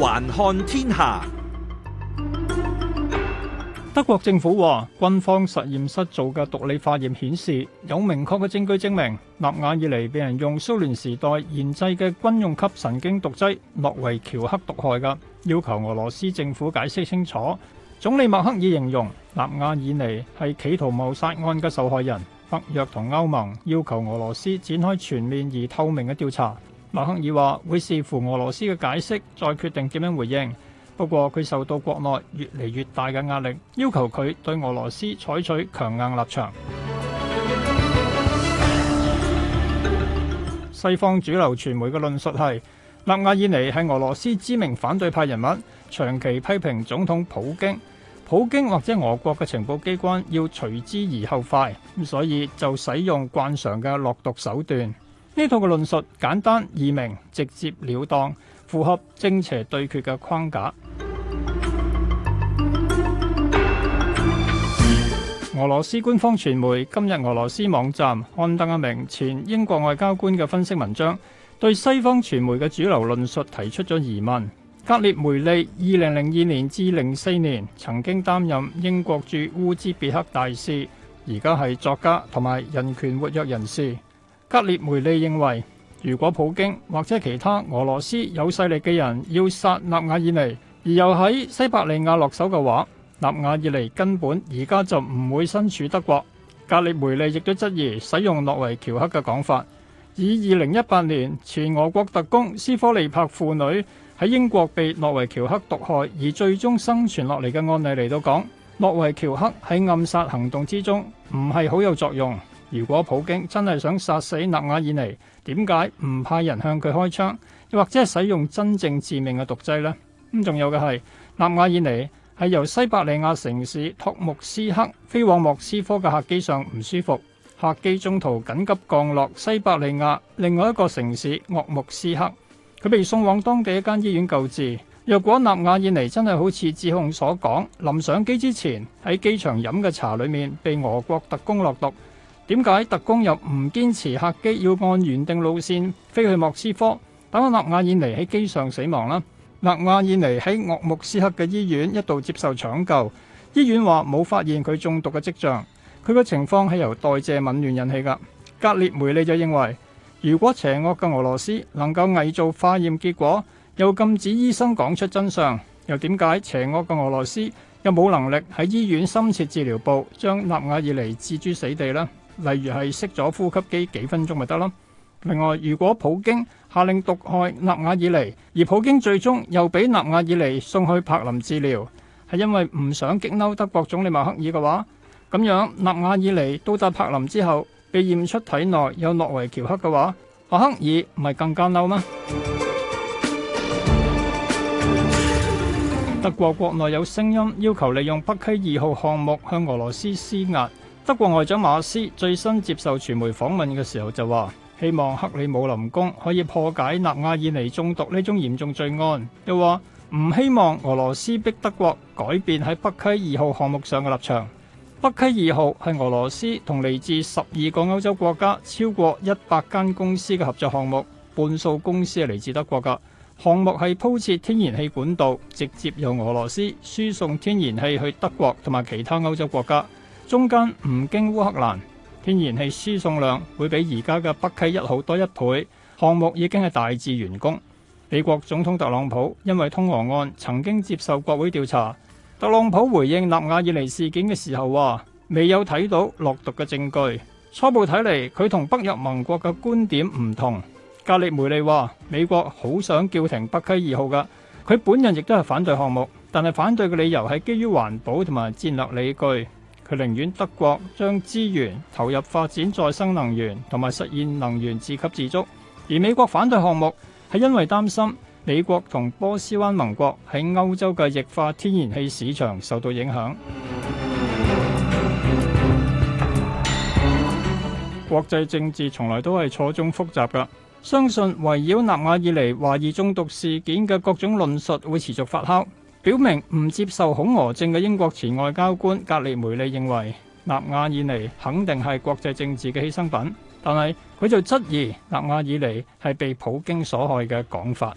環看天下，德國政府話，軍方實驗室做嘅毒理化驗顯示，有明確嘅證據證明納瓦爾尼被人用蘇聯時代研製嘅軍用級神經毒劑諾維喬克毒害嘅。要求俄羅斯政府解釋清楚。總理默克爾形容納瓦爾尼係企圖謀殺案嘅受害人。北約同歐盟要求俄羅斯展開全面而透明嘅調查。默克爾話會視乎俄羅斯嘅解釋，再決定點樣回應。不過佢受到國內越嚟越大嘅壓力，要求佢對俄羅斯採取強硬立場。 西方主流傳媒嘅論述係：納瓦爾尼係俄羅斯知名反對派人物，長期批評總統普京。普京或者俄國嘅情報機關要隨之而後快，所以就使用慣常嘅落毒手段。呢套嘅論述簡單易明、直接了當，符合正邪對決嘅框架。 俄羅斯官方傳媒今日俄羅斯網站刊登一名前英國外交官嘅分析文章，對西方傳媒嘅主流論述提出咗疑問。格列梅利二零零二年至零四年曾經擔任英國駐烏茲別克大使，而家係作家同埋人權活躍人士。格列梅利認為，如果普京或者其他俄羅斯有勢力嘅人要殺納瓦爾尼，而又喺西伯利亞落手嘅話，納瓦爾尼根本而家就唔會身處德國。格列梅利亦都質疑使用諾維喬克嘅講法，以二零一八年前俄國特工斯科利柏父女喺英國被諾維喬克毒害而最終生存落嚟嘅案例嚟到講，諾維喬克喺暗殺行動之中唔係好有作用。如果普京真係想殺死納瓦爾尼，點解唔派人向佢開槍，又或者使用真正致命嘅毒劑呢？咁仲有嘅係納瓦爾尼係由西伯利亞城市托木斯克飛往莫斯科嘅客機上唔舒服，客機中途緊急降落西伯利亞另外一個城市鄂木斯克，佢被送往當地一間醫院救治。若果納瓦爾尼真係好似指控所講，臨上機之前喺機場飲嘅茶裏面被俄國特工落毒，點解特工又唔堅持客機要按原定路線飛去莫斯科？等納瓦爾尼喺機上死亡呢？納瓦爾尼喺鄂木斯克嘅醫院一度接受搶救，醫院話冇發現佢中毒嘅跡象，佢嘅情況係由代謝紊亂引起㗎。格列梅利就認為，如果邪惡嘅俄羅斯能夠偽造化驗結果，又禁止醫生講出真相，又點解邪惡嘅俄羅斯又冇能力喺醫院深切治療部將納瓦爾尼置諸死地呢？例如係熄咗呼吸機幾分鐘咪得咯。另外，如果普京下令毒害納瓦爾尼，而普京最終又俾納瓦爾尼送去柏林治療，係因為唔想激嬲德國總理默克爾嘅話，咁樣納瓦爾尼到達柏林之後被驗出體內有諾維喬克嘅話，默克爾唔係更加嬲嗎？德國國內有聲音要求利用北溪二號項目向俄羅斯施壓。德國外長馬斯最新接受傳媒訪問嘅時候就話，希望克里姆林宮可以破解納瓦爾尼中毒呢宗嚴重罪案，又話唔希望俄羅斯逼德國改變喺北溪二號項目上嘅立場。北溪二號係俄羅斯同嚟自十二個歐洲國家超過一百間公司嘅合作項目，半數公司係嚟自德國噶。項目係鋪設天然氣管道，直接由俄羅斯輸送天然氣去德國同埋其他歐洲國家。中間唔經烏克蘭，天然氣輸送量會比而家嘅北溪一號多一倍。項目已經係大致完工。美國總統特朗普因為通俄案曾經接受國會調查。特朗普回應納瓦爾尼事件嘅時候話，未有睇到落毒嘅證據。初步睇嚟，佢同北約盟國嘅觀點唔同。格列梅利話，美國好想叫停北溪二號㗎。佢本人亦都係反對項目，但係反對嘅理由係基於環保同埋戰略理據。佢寧願德國將資源投入發展再生能源同埋實現能源自給自足，而美國反對項目係因為擔心美國同波斯灣盟國喺歐洲嘅液化天然氣市場受到影響。國際政治從來都係錯綜複雜㗎，相信圍繞納瓦爾尼華爾中毒事件嘅各種論述會持續發酵。表明唔接受恐俄症嘅英國前外交官格列梅利認為，納瓦爾尼肯定係國際政治嘅犧牲品，但係佢就質疑納瓦爾尼係被普京所害嘅講法。